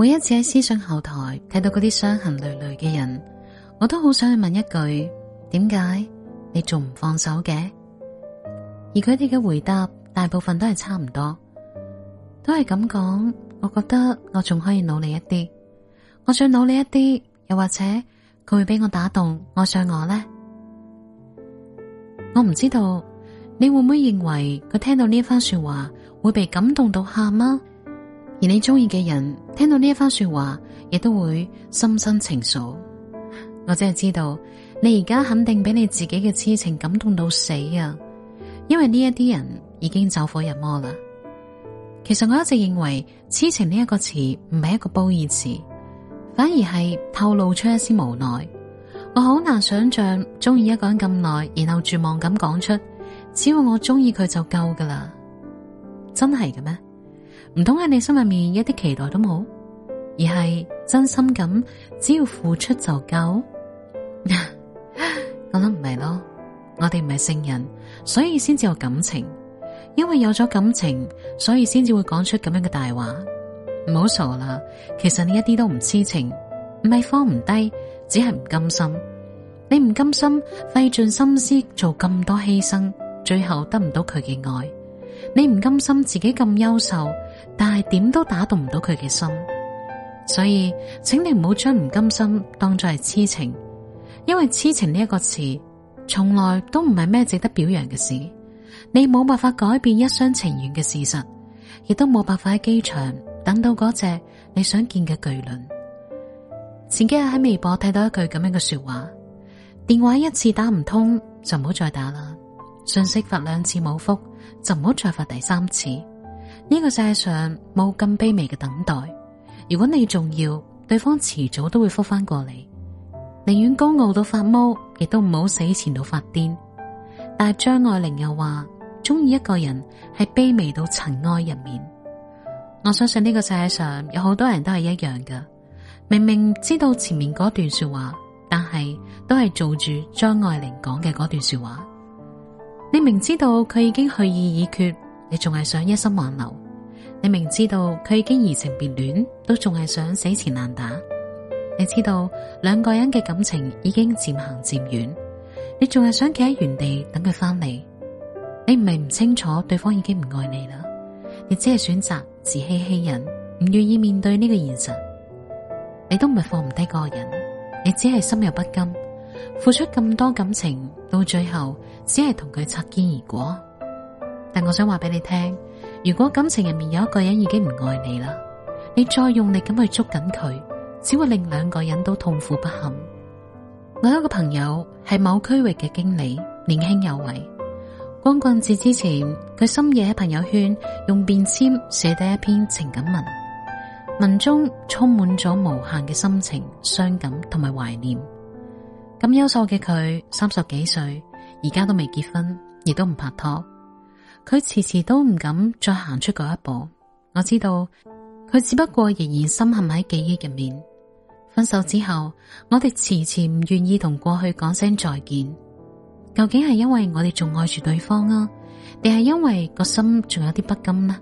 每一次喺私信後台睇到嗰啲傷痕累累嘅人，我都好想去問一句：點解你仲唔放手嘅？而佢哋嘅回答大部分都係差唔多，都係咁講。我覺得我仲可以努力一啲，我想努力一啲，又或者佢會俾我打動愛上我呢。我唔知道你會唔會認為佢聽到呢番說話會被感動到喊嗎？而你中意嘅人聽到呢一番說話，亦都會心生情愫。我只係知道，你而家肯定俾你自己嘅痴情感動到死啊！因為呢一啲人已經走火入魔啦。其實我一直認為，痴情呢一個詞唔係一個褒義詞，反而係透露出一絲無奈。我好難想象，中意一個人咁耐，然後絕望咁講出，只要我中意佢就夠噶啦，真係嘅咩？唔通喺你心入面一啲期待都冇，而係真心咁，只要付出就夠。我諗唔係咯，我哋唔係聖人，所以先至有感情。因為有咗感情，所以先至會講出咁樣嘅大話。唔好傻啦，其實你一啲都唔痴情，唔係放唔低，只係唔甘心。你唔甘心，費盡心思做咁多犧牲，最後得唔到佢嘅愛。你唔甘心自己咁優秀，但係點都打動唔到佢嘅心，所以請你唔好將唔甘心當作係痴情，因為痴情呢一個詞，從來都唔係咩值得表揚嘅事。你冇辦法改變一廂情願嘅事實，亦都冇辦法喺機場等到嗰隻你想見嘅巨輪。前幾日喺微博睇到一句咁樣嘅說話：電話一次打唔通就唔好再打啦，信息發兩次冇覆就唔好再發第三次，呢個世界上冇咁卑微嘅等待。如果你重要，對方遲早都會復翻過嚟。寧願高傲到發毛，亦都唔好死纏到發癲。但係張愛玲又話，中意一個人係卑微到塵埃入面。我相信呢個世界上有好多人都係一樣嘅。明明知道前面嗰段說話，但係都係做住張愛玲講嘅嗰段說話。你明知道佢已經去意已決，你仲係想一心挽留；你明知道佢已經移情別戀，都仲係想死纏爛打。你知道兩個人嘅感情已經漸行漸遠，你仲係想企喺原地等佢翻嚟。你唔係唔清楚對方已經唔愛你啦，你只係選擇自欺欺人，唔願意面對呢個現實。你都唔係放唔低個人，你只係心有不甘。付出咁多感情，到最後只係同佢擦肩而過。但我想話俾你聽，如果感情入面有一個人已經唔愛你啦，你再用力咁去捉緊佢，只會令兩個人都痛苦不堪。我有一個朋友係某區域嘅經理，年輕有為，光棍節之前，佢深夜喺朋友圈用便簽寫低一篇情感文，文中充滿咗無限嘅心情、傷感同埋懷念。咁優秀嘅佢，三十幾歲，而家都未結婚，亦都唔拍拖。佢遲遲都唔敢再行出嗰一步。我知道佢只不過仍然深陷喺記憶入面。分手之後，我哋遲遲唔願意同過去講聲再見。究竟係因為我哋仲愛住對方啊，定係因為個心仲有啲不甘呢？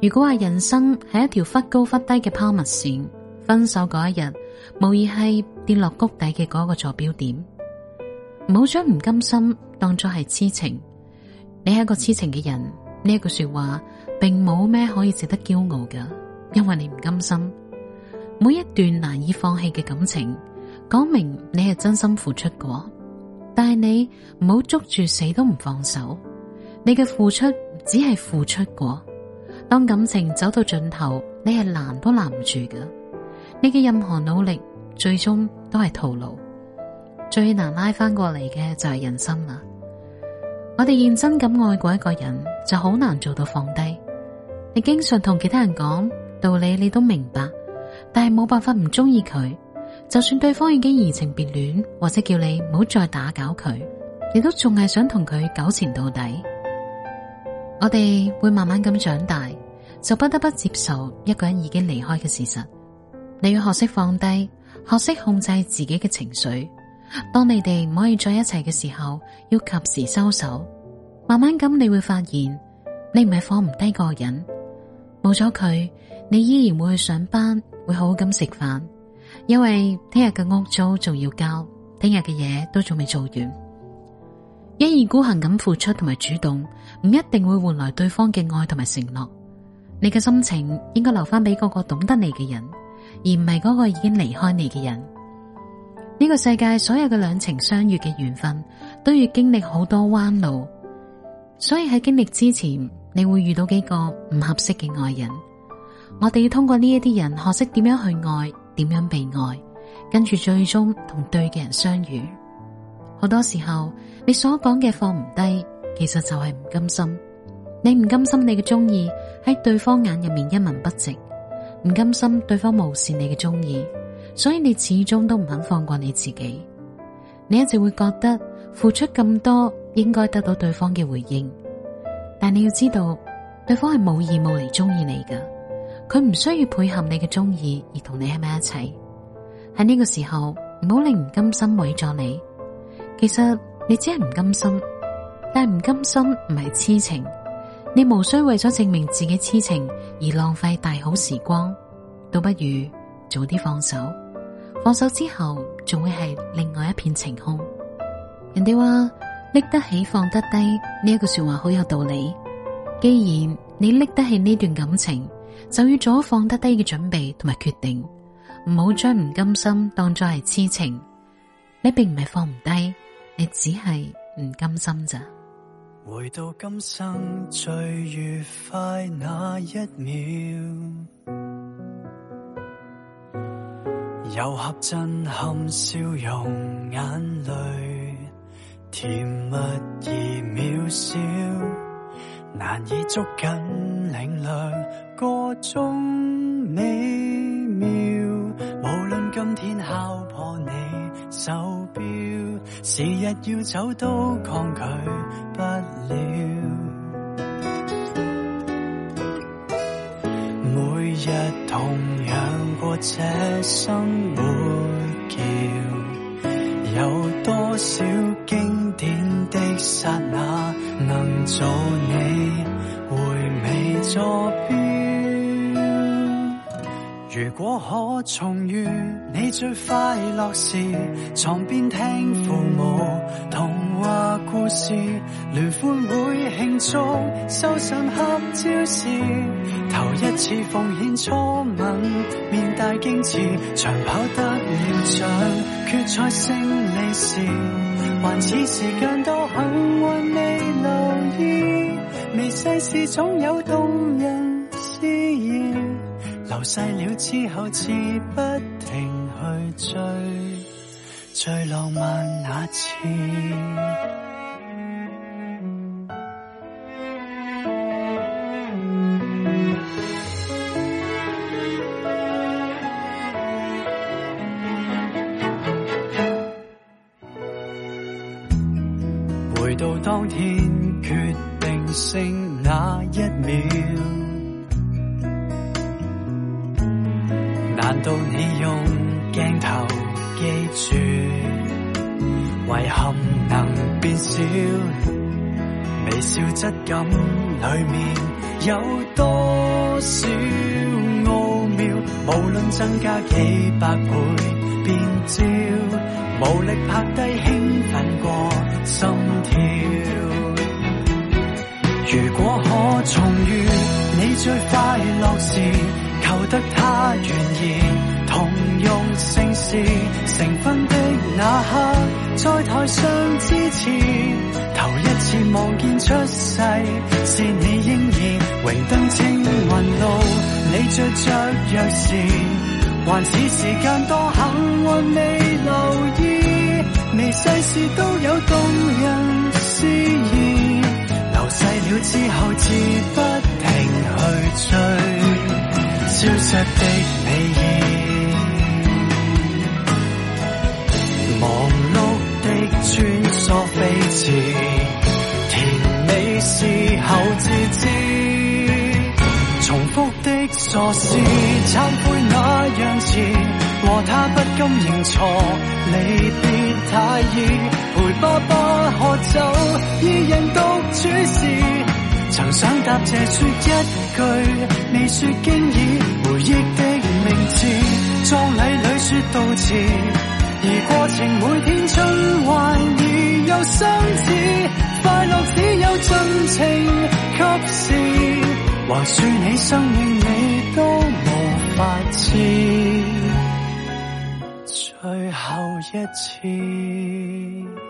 如果話人生係一條忽高忽低嘅拋物線，分手嗰一日，無疑係跌落谷底嘅嗰個坐標點，唔好將唔甘心當作係痴情。你係一個痴情嘅人，呢一句說話並冇咩可以值得驕傲㗎，因為你唔甘心。每一段難以放棄嘅感情，講明你係真心付出過，但係你唔好捉住死都唔放手。你嘅付出只係付出過，當感情走到盡頭，你係攔都攔唔住㗎。你嘅任何努力最終都係徒勞，最難拉翻過嚟嘅就係人心啦。我哋認真咁愛過一個人，就好難做到放低。你經常同其他人講道理，你都明白，但係冇辦法唔中意佢。就算對方已經移情別戀，或者叫你唔好再打攪佢，你都仲係想同佢糾纏到底。我哋會慢慢咁長大，就不得不接受一個人已經離開嘅事實。你要學識放低，學識控制自己嘅情緒。當你哋唔可以再一齊嘅時候，要及時收手。慢慢咁你會發現，你唔係放唔低個人，冇咗佢，你依然會去上班，會好好咁食飯，因為聽日嘅屋租仲要交，聽日嘅嘢都仲未做完。一意孤行咁付出同埋主動，唔一定會換來對方嘅愛同埋承諾。你嘅心情應該留翻俾嗰個懂得你嘅人。而唔係嗰個已經離開你嘅人。呢個世界所有嘅兩情相悦嘅緣分都要經歷好多彎路，所以喺經歷之前，你會遇到幾個唔合適嘅愛人。我哋要通過呢一啲人學識點樣去愛，點樣被愛，跟住最終同對嘅人相遇。好多時候你所講嘅放唔低，其實就係唔甘心。你唔甘心你嘅中意喺對方眼入面一文不值。唔甘心對方無視你嘅鍾意，所以你始終都唔肯放過你自己。你一直會覺得付出咁多應該得到對方嘅回應，但你要知道，對方係冇義務嚟鍾意你噶，佢唔需要配合你嘅鍾意而同你喺埋一齊。喺呢個時候，唔好令唔甘心毀咗你。其實你只係唔甘心，但係唔甘心唔係痴情。你無需為咗證明自己痴情而浪費大好時光，倒不如早啲放手。放手之後，仲會係另外一片晴空。人哋話拎得起放得低呢一句說話好有道理。既然你拎得起呢段感情，就要做放得低嘅準備同埋決定。唔好將唔甘心當作係痴情。你並唔係放唔低，你只係唔甘心咋。回到今生最愉快那一秒，又合震撼笑容、眼淚，甜蜜而渺小，難以捉緊、領略個中美妙。無論今天敲破你手表。時日要走都抗拒不了，每日同樣過這生活橋，有多少經典的剎那能做你回味座標？如果可重遇你最快樂時，床邊聽父母童話故事，聯歡會慶祝受神合照時，頭一次奉獻初吻，面帶矜持，長跑得了獎，決賽勝利時，還似時間都幸運未留意，微細事總有動人詩意。流逝了之後，志不停去追最浪漫那次。 回到當天決定性那一秒。到你用鏡頭記住，遺憾能變少，微笑質感裡面有多少奧妙？無論增加幾百倍變焦，無力拍低興奮過心跳。如果可重遇你最快樂時，求得他願意同用姓氏，成婚的那刻，在台上之前，頭一次望見出世是你嬰兒，榮登青雲路，你著著弱時，還是時間多幸運未留意，你世事都有動人詩意，流逝了之後，自不停去追。消失的美意，忙碌的穿梭飛馳， 甜美事後自知， 重複的傻事，慚愧那樣子，和他不甘認錯，離別太易，陪爸爸喝酒，一人獨處時。曾想答謝説一句，你説經已回憶的名字，葬禮裏説悼詞，而過程每天循環而又相似，快樂只有盡情及時，話説你生命你都無法知，最後一次。